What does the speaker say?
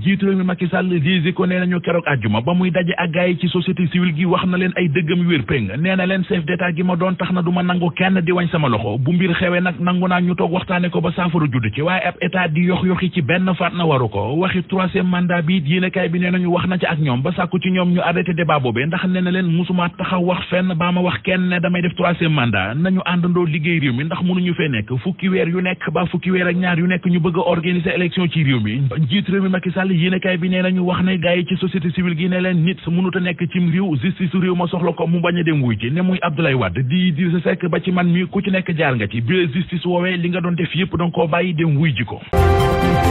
njiitu réew mi Macky Sall gisi ko nee nañu keroog àjjuma ba muy daje ak gaay ci société civile gi wax na leen ay dëggam wér péng nee na leen chef d'état gi ma doon tax na du ma nangu kenn di wañ sama loxo bu mbir xewee nag nangu naa ñu toog waxtaane ko ba saafara judd ci waaye ab état di yox-yoxi ci benn faat na waru ko waxi troisième mandat bi yéenekaay bi nee nañu wax na ci ak ñoom ba sàkku ci ñoom ñu arrêté débat boobee ndax nee na leen musuma taxaw ma wax kenn ne damay def troisième mandat nañu àndandoo liggéey réew mi ndax mënuñu fee nekk fukki yu nekk ba fukki weer ak ñaar yu nekk ñu bëgg a organiser ci réew mi njiitu Sall yéenekaay bi nee nañu wax ne gars yi ci société civile gi ne leen nit mënut a nekk cim réew justice réew ma soxla ko mu bañ a dem wuy ji ne muy Abdoulaye Wade di Idrissa Seck ba ci man mi ku ci nekk jaar nga ci bi justice woowee li nga doon def yëpp danga koo bàyyi dem wuy ji ko